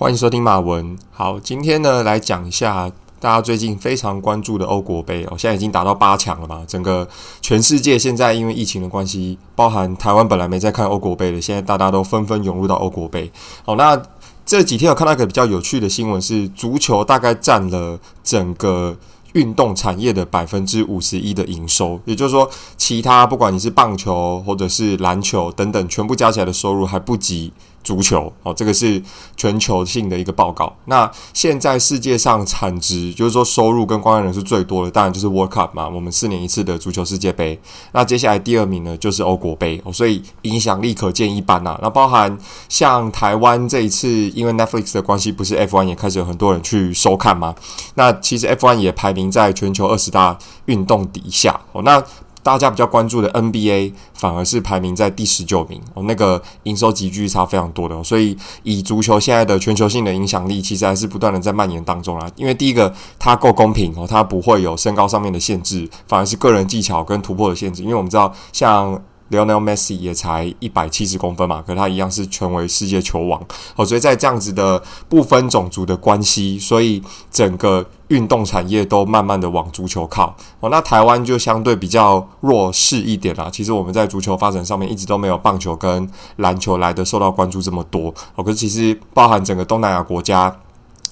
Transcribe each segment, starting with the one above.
歡迎收聽馬文。好，今天呢來講一下大家最近非常關注的歐國杯。哦，現在已經達到八強了嘛。整個全世界現在因為疫情的關係，包含台灣本來沒在看歐國杯的，現在大家都紛紛湧入到歐國杯。好，那這幾天我看到一個比較有趣的新聞是，足球大概占了整個運動產業的百分之五十一的營收。也就是說，其他不管你是棒球或者是籃球等等，全部加起來的收入還不及。足球哦，這個是全球性的一個報告。那現在世界上產值，就是說收入跟觀看人數最多的，當然就是 World Cup 嘛。我們四年一次的足球世界杯。那接下來第二名呢，就是歐國杯，哦，所以影響力可見一斑啦，啊，那包含像台灣這一次，因為 Netflix 的關係，不是 F1 也開始有很多人去收看嗎？那其實 F1 也排名在全球二十大運動底下，哦，那大家比較關注的 NBA 反而是排名在第十九名哦，那個營收集聚差非常多的，所以以足球現在的全球性的影響力，其實還是不斷的在蔓延當中啦。因為第一個，它夠公平哦，它不會有身高上面的限制，反而是個人技巧跟突破的限制。因為我們知道像，Leonel Messi 也才一百七十公分嘛，可他一樣是成為世界球王哦。所以在這樣子的不分種族的關係，所以整個運動產業都慢慢的往足球靠哦。那台灣就相對比較弱勢一點啦。其實我們在足球發展上面一直都沒有棒球跟籃球來的受到關注這麼多哦。可是其實包含整個東南亞國家。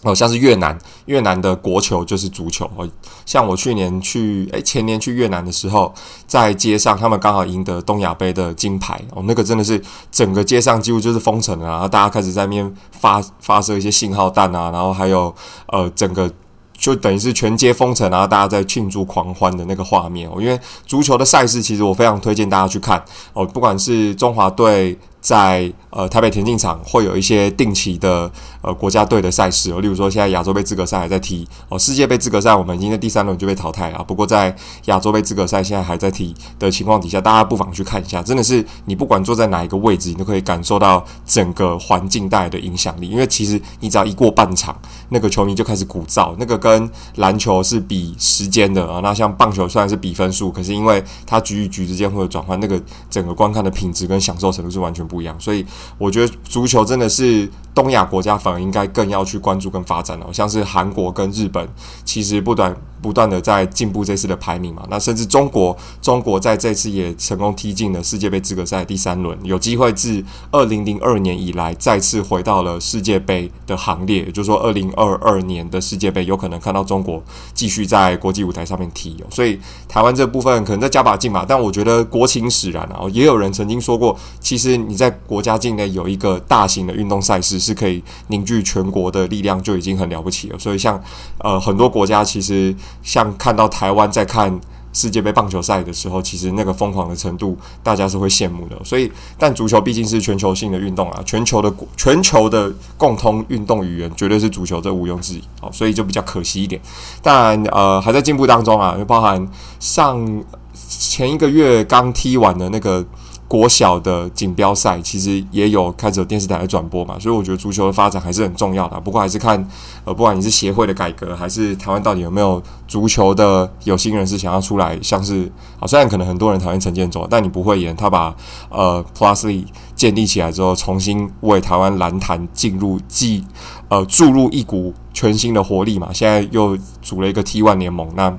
哦，像是越南，越南的國球就是足球哦。像我去年去，哎、欸，前年去越南的時候，在街上，他們剛好贏得東亞盃的金牌哦。那個真的是整個街上幾乎就是封城了，然後大家開始在那邊發發射一些信號彈啊，然後還有呃，整個就等於是全街封城，然後大家在慶祝狂歡的那個畫面哦。因為足球的賽事，其實我非常推薦大家去看哦，不管是中華隊。在呃台北田徑場會有一些定期的呃國家隊的賽事哦，例如說現在亞洲盃資格賽還在踢哦，世界盃資格賽我們已經在第三輪就被淘汰了。不過在亞洲盃資格賽現在還在踢的情況底下，大家不妨去看一下。真的是你不管坐在哪一個位置，你都可以感受到整個環境帶來的影響力。因為其實你只要一過半場，那個球迷就開始鼓噪，那個跟籃球是比時間的啊。那像棒球雖然是比分數，可是因為它局與局之間會有轉換，那個整個觀看的品質跟享受程度是完全不。不一樣，所以我覺得足球真的是東亞國家反而應該更要去關注跟發展了。像是韓國跟日本，其實不斷不斷的在進步。這次的排名嘛，那甚至中國，中國在這次也成功踢進了世界杯資格賽第三輪，有機會自二零零二年以來再次回到了世界杯的行列。也就是說，二零二二年的世界杯有可能看到中國繼續在國際舞台上面踢。所以台灣這部分可能再加把勁吧，但我覺得國情使然啊。也有人曾經說過，其實你。在國家境內有一個大型的運動賽事，是可以凝聚全國的力量，就已經很了不起了。所以像，像呃很多國家，其實像看到台灣在看世界杯棒球賽的時候，其實那個瘋狂的程度，大家是會羨慕的。所以，但足球畢竟是全球性的運動啊，全球的全球的共通運動語言，絕對是足球，這毋庸置疑。好、喔，所以就比較可惜一點。但呃，還在進步當中啊，包含上前一個月剛踢完的那個。國小的錦標賽其實也有開始有電視台來轉播嘛，所以我覺得足球的發展還是很重要的啊。不過還是看呃，不管你是協會的改革，還是台灣到底有沒有足球的有心人士想要出來，像是啊，雖然可能很多人討厭陳建州，但你不會演他把呃 P. League+ 建立起來之後，重新為台灣籃壇進入既呃注入一股全新的活力嘛。現在又組了一個 T1 聯盟，那。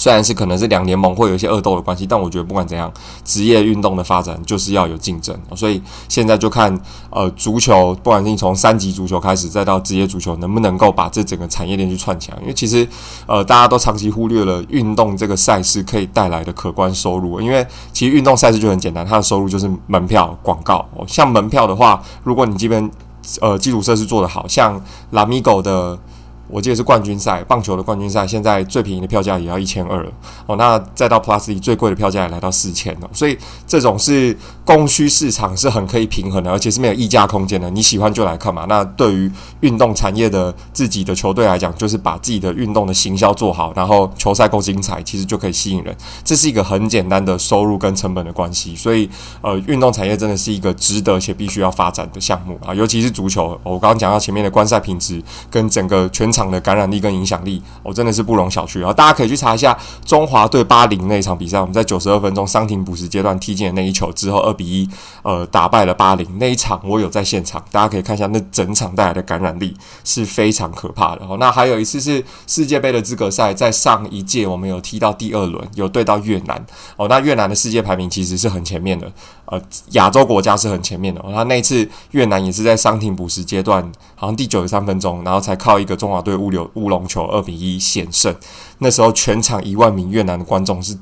雖然是可能是兩聯盟會有一些惡鬥的關係，但我覺得不管怎樣，職業運動的發展就是要有競爭。所以現在就看，呃，足球，不管是你從三級足球開始，再到職業足球，能不能夠把這整個產業鏈去串起來。因為其實，呃，大家都長期忽略了運動這個賽事可以帶來的可觀收入。因為其實運動賽事就很簡單，它的收入就是門票、廣告。像門票的話，如果你這邊，呃，基礎設施做得好，像拉米戈的。我記得是冠軍賽，棒球的冠軍賽，現在最便宜的票價也要一千二了哦，那再到 Plus 裡最貴的票價也來到四千哦。所以這種是供需市場是很可以平衡的，而且是沒有溢價空間的。你喜歡就來看嘛。那對於運動產業的自己的球隊來講，就是把自己的運動的行銷做好，然後球賽夠精彩，其實就可以吸引人。這是一個很簡單的收入跟成本的關係。所以，呃，運動產業真的是一個值得且必須要發展的項目啊，尤其是足球。我剛剛講到前面的觀賽品質跟整個全場。場的感染力跟影響力，我、哦、真的是不容小覷。然後大家可以去查一下中華對巴林那一場比賽，我們在九十二分鐘傷停補時階段踢進的那一球之後二比一，呃，打敗了巴林。那一場我有在現場，大家可以看一下那整場帶來的感染力是非常可怕的。然後、哦、那還有一次是世界杯的資格賽，在上一屆我們有踢到第二輪，有對到越南，哦，那越南的世界排名其實是很前面的。呃，亞洲國家是很前面的。他、哦、那次越南也是在傷停補時階段，好像第九十三分鐘，然後才靠一個中華隊物流烏龍球二比一險勝。那時候全場一萬名越南的觀眾是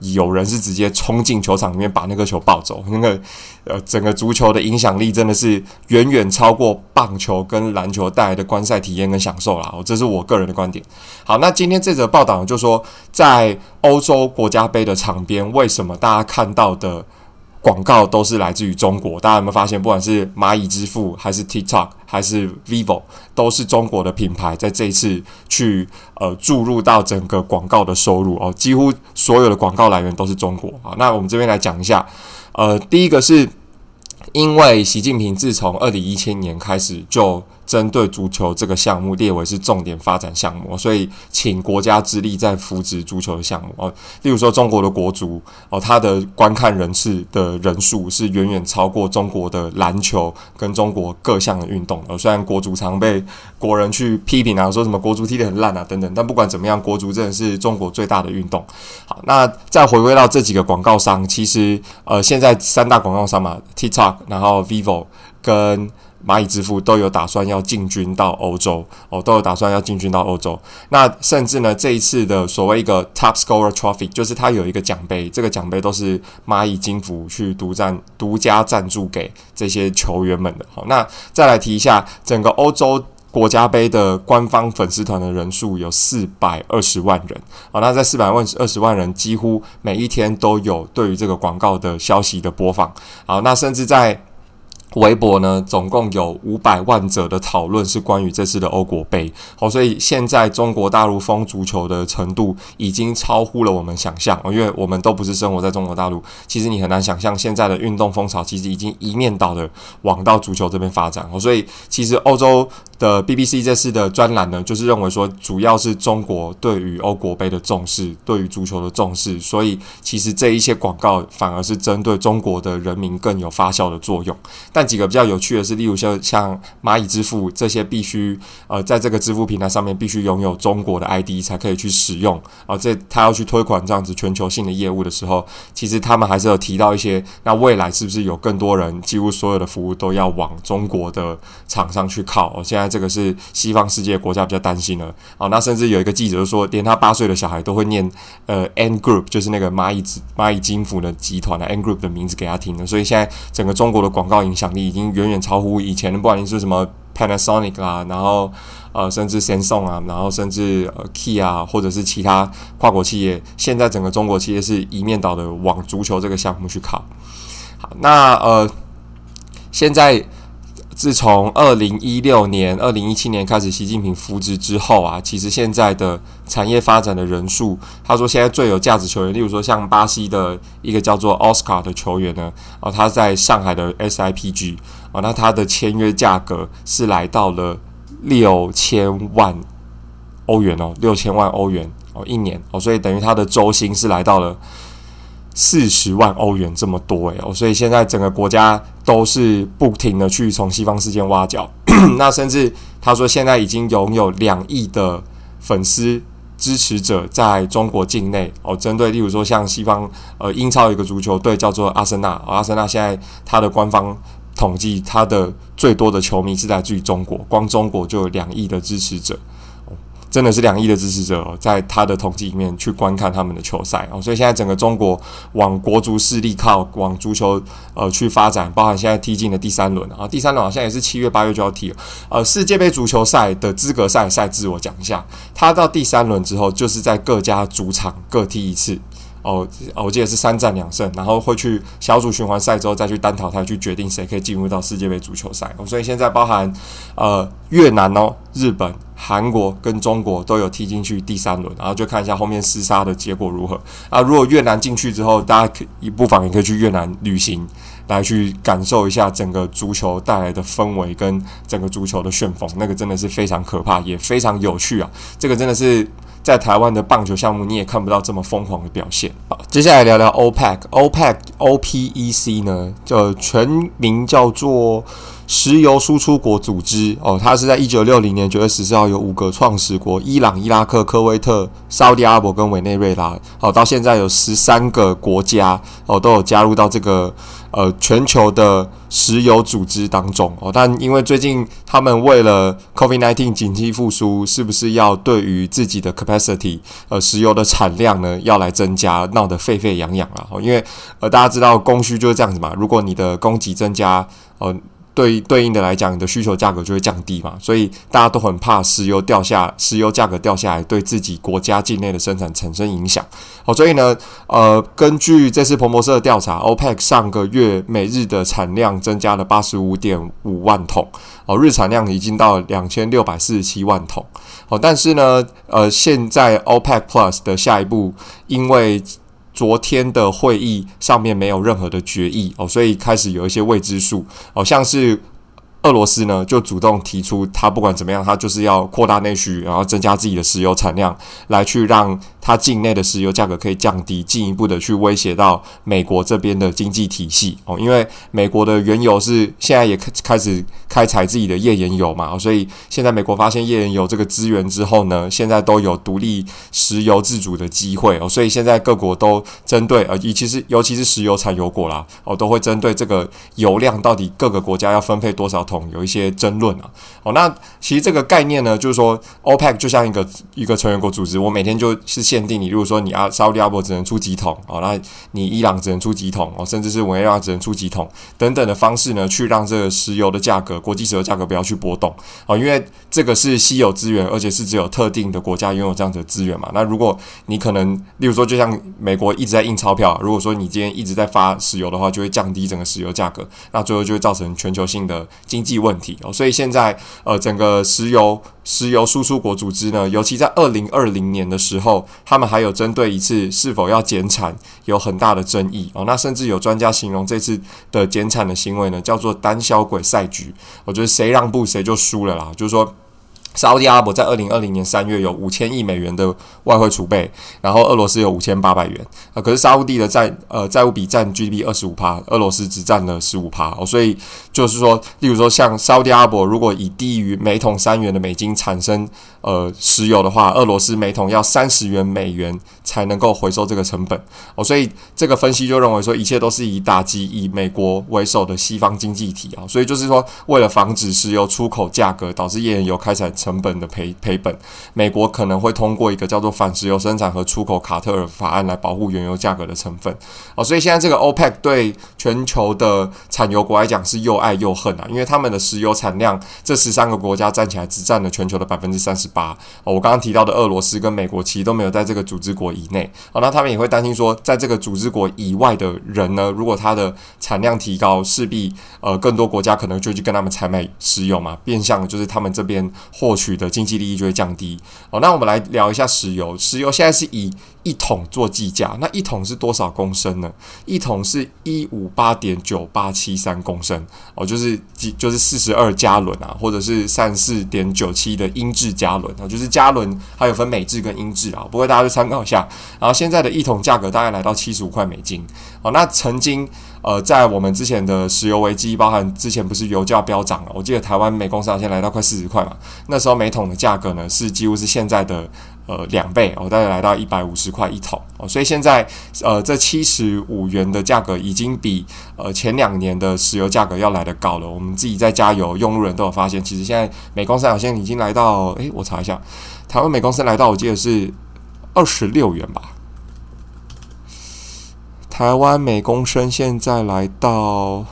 有人是直接衝進球場裡面把那個球抱走。那個呃，整個足球的影響力真的是遠遠超過棒球跟籃球帶來的觀賽體驗跟享受啦、哦。這是我個人的觀點。好，那今天這則報道就說，在歐洲國家盃的場邊，為什麼大家看到的廣告都是來自於中國，大家有沒有發現？不管是螞蟻支付，還是 TikTok，還是 Vivo，都是中國的品牌在這一次去呃注入到整個廣告的收入哦，幾乎所有的廣告來源都是中國啊。那我們這邊來講一下，呃，第一個是因為習近平自從二零一七年開始就。針對足球這個項目列為是重點發展項目，所以請國家之力在扶植足球的項目哦。例如說中國的國足哦，他的觀看人次的人數是遠遠超過中國的籃球跟中國各項的運動。哦，雖然國足常被國人去批評啊，說什麼國足踢得很爛啊等等，但不管怎麼樣，國足真的是中國最大的運動。好，那再回歸到這幾個廣告商，其實呃，現在三大廣告商嘛，TikTok，然後 Vivo 跟。螞蟻支付都有打算要進軍到歐洲哦，都有打算要進軍到歐洲。那甚至呢，這一次的所謂一個 Top Scorer Trophy，就是它有一個獎杯，這個獎杯都是螞蟻金服去獨佔、獨家贊助給這些球員們的。好，那再來提一下，整個歐洲國家杯的官方粉絲團的人數有四百二十萬人。好，那在四百萬二十萬人，幾乎每一天都有對於這個廣告的消息的播放。好，那甚至在微博呢，總共有五百萬則的討論是關於這次的歐國杯。好，哦，所以現在中國大陸瘋足球的程度已經超乎了我們想象。哦，因為我們都不是生活在中國大陸，其實你很難想象現在的運動風潮其實已經一面倒的往到足球這邊發展。哦，所以其實歐洲。呃 BBC 這次的專欄呢，就是認為說，主要是中國對於歐國盃的重視，對於足球的重視，所以其實這一些廣告反而是針對中國的人民更有發酵的作用。但幾個比較有趣的是，例如像像螞蟻支付這些，必須呃在這個支付平台上面必須擁有中國的 ID 才可以去使用。而、呃、這他要去推廣這樣子全球性的業務的時候，其實他們還是有提到一些，那未來是不是有更多人，幾乎所有的服務都要往中國的廠商去靠？呃、我現在。這個是西方世界國家比較擔心的。好，那甚至有一個記者說，連他八歲的小孩都會念呃，Ant Group，就是那個螞蟻螞蟻金服的集團的 Ant Group 的名字給他聽的。所以現在整個中國的廣告影響力已經遠遠超乎以前。不管您是什麼 Panasonic 啦、啊，然後呃，甚至 Samsung 啊，然後甚至呃 Kia 啊，或者是其他跨國企業，現在整個中國企業是一面倒的往足球這個項目去靠。好，那呃，現在。自從二零一六年、二零一七年開始，習近平扶植之後啊，其實現在的產業發展的人數，他說現在最有價值球員，例如說像巴西的一個叫做奧斯卡的球員呢，哦，他在上海的 SIPG，哦，那他的簽約價格是來到了六千萬歐元哦，六千萬歐元哦，一年哦，所以等於他的周薪是來到了。四十萬歐元這麼多誒，哦，所以現在整個國家都是不停的去從西方世界挖角咳咳。那甚至他說現在已經擁有兩億的粉絲支持者在中國境內哦，針對例如說像西方呃英超有一個足球隊叫做阿森納，哦，阿森納現在他的官方統計，他的最多的球迷是來自於中國，光中國就有兩億的支持者。真的是兩億的支持者，哦，在他的統計裡面去觀看他們的球賽哦，所以現在整個中國往國足勢力靠，往足球呃去發展，包含現在踢進的第三輪啊，第三輪好像也是七月八月就要踢了。呃，世界杯足球賽的資格賽賽制，我講一下，他到第三輪之後就是在各家主場各踢一次哦，我記得是三戰兩勝，然後會去小組循環賽之後再去單淘汰，去決定誰可以進入到世界杯足球賽。哦，所以現在包含呃越南哦，日本。韓國跟中國都有踢進去第三輪，然後就看一下後面廝殺的結果如何。啊，如果越南進去之後，大家可以不妨也可以去越南旅行，來去感受一下整個足球帶來的氛圍跟整個足球的旋風，那個真的是非常可怕，也非常有趣啊！這個真的是在台灣的棒球項目你也看不到這麼瘋狂的表現。好，接下來聊聊 OPEC, OPEC。OPEC，OPEC 呢，呃，全名叫做。石油輸出國組織哦，它是在一九六零年九月十四號有五個創始國：伊朗、伊拉克、科威特、沙烏地阿拉伯跟委內瑞拉。哦，到現在有十三個國家哦，都有加入到這個呃全球的石油組織當中。哦，但因為最近他們為了 COVID-19 緊急復甦，是不是要對於自己的 capacity，呃，石油的產量呢，要來增加，鬧得沸沸揚揚、啊、哦。因為呃，大家知道供需就是這樣子嘛。如果你的供給增加，哦、呃。對對應的來講，你的需求價格就會降低嘛，所以大家都很怕石油掉下，石油價格掉下來，對自己國家境內的生產產生影響。好、哦，所以呢，呃，根據這次彭博社的調查，OPEC 上個月每日的產量增加了八十五點五萬桶，哦，日產量已經到兩千六百四十七萬桶。哦，但是呢，呃，現在 OPEC Plus 的下一步，因為。昨天的會議上面沒有任何的決議哦，所以開始有一些未知數。好像是俄羅斯呢，就主動提出，他不管怎麼樣，他就是要擴大內需，然後增加自己的石油產量，來去讓。它境內的石油價格可以降低，進一步的去威脅到美國這邊的經濟體系哦。因為美國的原油是現在也開開始開採自己的頁岩油嘛，哦，所以現在美國發現頁岩油這個資源之後呢，現在都有獨立石油自主的機會哦。所以現在各國都針對呃，尤其是尤其是石油產油國啦，哦，都會針對這個油量到底各個國家要分配多少桶，有一些爭論啊。哦，那其實這個概念呢，就是說 OPEC 就像一個一個成員國組織，我每天就是限定你，如果說你啊，沙烏地阿拉伯只能出幾桶哦，那你伊朗只能出幾桶哦，甚至是委內瑞拉只能出幾桶等等的方式呢，去讓這個石油的價格、國際石油價格不要去波動哦，因為這個是稀有資源，而且是只有特定的國家擁有這樣子的資源嘛。那如果你可能，例如說，就像美國一直在印鈔票，如果說你今天一直在發石油的話，就會降低整個石油價格，那最後就會造成全球性的經濟問題哦。所以現在呃，整個石油。石油輸出國組織呢，尤其在二零二零年的時候，他們還有針對一次是否要減產有很大的爭議哦。那甚至有專家形容這次的減產的行為呢，叫做“膽小鬼賽局”哦。我覺得誰讓步誰就輸了啦。就是說，沙烏地阿拉伯在二零二零年三月有五千億美元的外匯儲備，然後俄羅斯有五千八百元啊、呃。可是沙烏地的債呃債務比占 GDP 二十五趴，俄羅斯只占了十五趴哦，所以。就是說，例如說像沙烏地阿拉伯，如果以低於每桶三元的美金產生呃石油的話，俄羅斯每桶要三十元美元才能夠回收這個成本哦，所以這個分析就認為說，一切都是以打擊以美國為首的西方經濟體啊、哦，所以就是說，為了防止石油出口價格導致頁岩油開採成本的賠賠本，美國可能會通過一個叫做反石油生產和出口卡特爾法案來保護原油價格的成分哦，所以現在這個 OPEC 對全球的產油國來講是又愛又恨啊，因為他們的石油產量，這十三個國家站起來只佔了全球的百分之三十八。哦，我剛剛提到的俄羅斯跟美國其實都沒有在這個組織國以內。好、哦，那他們也會擔心說，在這個組織國以外的人呢，如果他的產量提高，勢必呃更多國家可能就去跟他們採買石油嘛，變相就是他們這邊獲取的經濟利益就會降低。好、哦，那我們來聊一下石油，石油現在是以。一桶做計價，那一桶是多少公升呢？一桶是一五八點九八七三公升哦，就是幾就是四十二加侖啊，或者是三四點九七的英制加侖啊，哦，就是加侖還有分美制跟英制啊，不過大家就參考一下。然後現在的，一桶價格大概來到七十五塊美金哦。那曾經呃，在我們之前的石油危機，包含之前不是油價飆漲了，我記得台灣美工商先來到快四十塊嘛，那時候每桶的價格呢，是幾乎是現在的。呃，兩倍我，哦，大概來到一百五十塊一桶，哦，所以現在呃，這七十五元的價格已經比呃前兩年的石油價格要來得高了。我們自己在加油，用路人都有發現，其實現在每公升好像已經來到，哎，我查一下，台灣每公升來到我記得是二十六元吧。台灣每公升現在來到。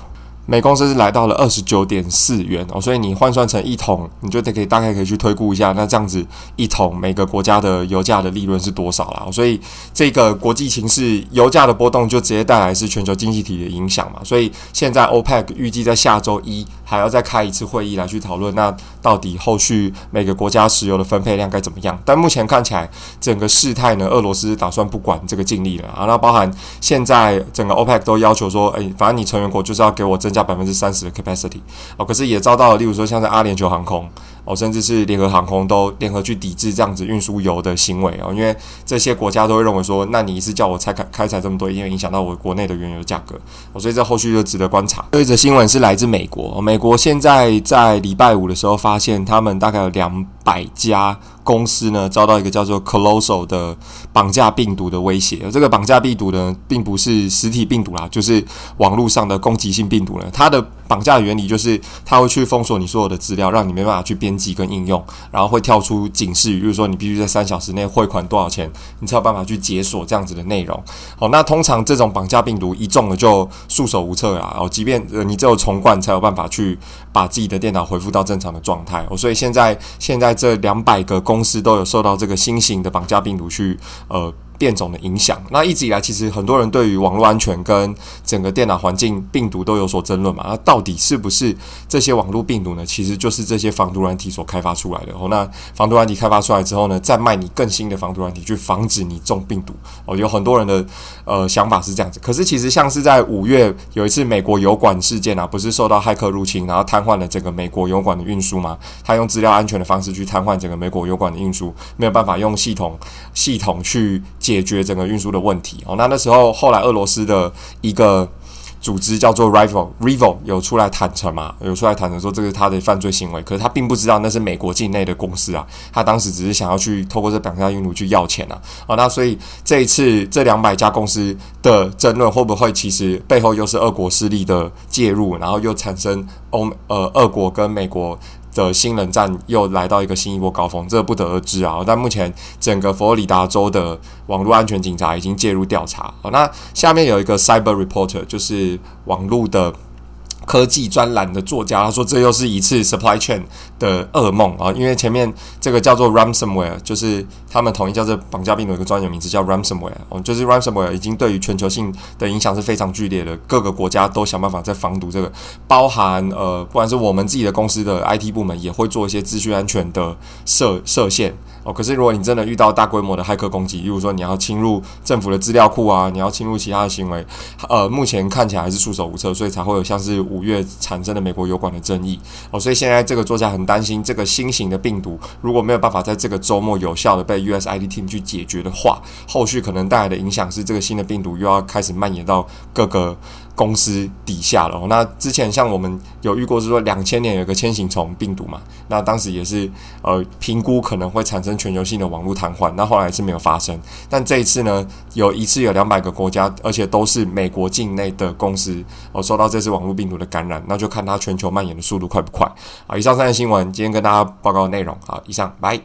每公司是來到了二十九點四元哦，所以你換算成一桶，你就得可以大概可以去推估一下，那這樣子一桶每個國家的油價的利潤是多少啦？所以這個國際形勢油價的波動就直接帶來是全球經濟體的影響嘛？所以現在歐 e c 預計在下周一還要再開一次會議來去討論，那到底後續每個國家石油的分配量該怎麼樣？但目前看起來整個事態呢，俄羅斯打算不管這個盡力了啊，那包含現在整個歐 e c 都要求說，哎，反正你成員國就是要給我這。加百分之三十的 capacity 哦，可是也遭到了，例如說像在阿聯酋航空。哦，甚至是聯合航空都聯合去抵制這樣子運輸油的行為哦，因為這些國家都會認為說，那你一次叫我開開採這麼多，因為影響到我國內的原油價格哦，所以這後續就值得觀察。這一則新聞是來自美國，美國現在在禮拜五的時候發現，他們大概有兩百家公司呢遭到一個叫做 “Colossal” 的綁架病毒的威脅。這個綁架病毒呢，並不是實體病毒啦，就是網絡上的攻擊性病毒呢，它的。綁架原理就是，他會去封鎖你所有的資料，讓你沒辦法去編輯跟應用，然後會跳出警示語，就是說你必須在三小時內匯款多少錢，你才有辦法去解鎖這樣子的內容。好，那通常這種綁架病毒一中了就束手無策啊，哦，即便呃你只有重灌才有辦法去把自己的電腦恢復到正常的狀態。哦，所以現在現在這兩百個公司都有受到這個新型的綁架病毒去呃。變種的影響。那一直以來，其實很多人對於網絡安全跟整個電腦環境病毒都有所爭論嘛。那到底是不是這些網絡病毒呢？其實就是這些防毒軟體所開發出來的。哦，那防毒軟體開發出來之後呢，再賣你更新的防毒軟體去防止你中病毒。哦，有很多人的呃想法是這樣子。可是其實像是在五月有一次美國油管事件啊，不是受到駭客入侵，然後癱瘓了整個美國油管的運輸嗎？他用資料安全的方式去癱瘓整個美國油管的運輸，沒有辦法用系統系統去解決整個運輸的問題哦，那那時候後來俄羅斯的一個組織叫做 Rival，Rival Rival 有出來坦承嘛，有出來坦承說這是他的犯罪行為，可是他並不知道那是美國境內的公司啊，他當時只是想要去透過這兩家運輸去要錢啊，啊、哦，那所以這一次這兩百家公司的爭論會不會其實背後又是俄國勢力的介入，然後又產生歐呃俄國跟美國的新冷戰又來到一個新一波高峰，這不得而知啊。但目前整個佛羅里達州的網絡安全警察已經介入調查。好，那下面有一個 cyber reporter，就是網絡的。科技專欄的作家，他說：“這又是一次 supply chain 的噩夢啊！因為前面這個叫做 ransomware，就是他們統一叫做綁架病毒，一個專有名詞叫 ransomware，啊。就是 ransomware 已經對於全球性的影響是非常劇烈的，各個國家都想辦法在防毒。這個包含呃，不管是我們自己的公司的 IT 部門也會做一些資訊安全的設設限。”哦，可是如果你真的遇到大規模的駭客攻擊，例如說你要侵入政府的資料庫啊，你要侵入其他的行為，呃，目前看起來還是束手無策，所以才會有像是五月產生的美國油管的爭議。哦、呃，所以現在這個作家很擔心，這個新型的病毒如果沒有辦法在這個周末有效的被 USID team 去解決的話，後續可能帶來的影響是這個新的病毒又要開始蔓延到各個。公司底下了，那之前像我們有遇過，是說兩千年有一個千禧蟲病毒嘛，那當時也是呃評估可能會產生全球性的網絡癱瘓，那後來是沒有發生。但這一次呢，有一次有兩百個國家，而且都是美國境內的公司，呃受到這次網絡病毒的感染，那就看它全球蔓延的速度快不快。好，以上三個新聞，今天跟大家報告的內容。好，以上，拜。